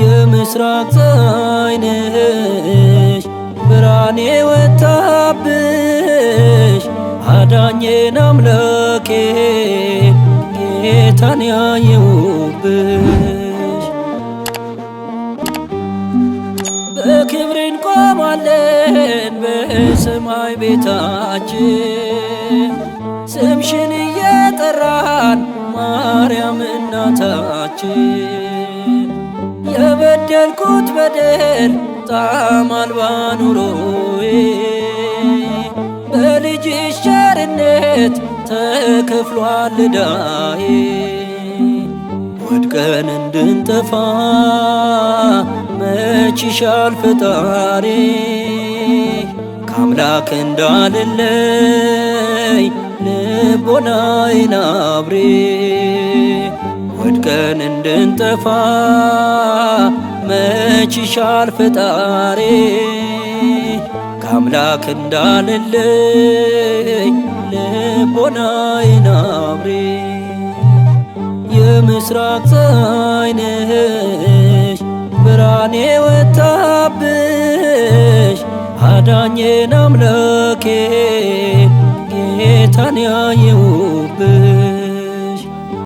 የምስራቅ ፀሐይ ነሽ ብርሃኔ ወጣብሽ አዳኜን አምላኬ ጌታን ያየውብሽ በክብር ለን በሰማይ ቤታችን ስምሽን እየጠራን ማርያም እናታችን የበደልኩት በደል ጣዕም አልባ ኑሮዬ በልጅሽ ቸርነት ተከፍሏል ዕዳዬ ርቀን እንድንጠፋ መችሻል ፈጣሪ ከአምላክ እንዳልለይ ልቦናዬን አብሪ ወድቀን እንድንጠፋ መችሻል ፈጣሪ ከአምላክ እንዳልለይ ልቦናዬን አብሪ ምስራቅ ፀሐይ ነሽ ብርሃኔ ወጣብሽ አዳኜን አምላኬ ጌታን ያየውብሽ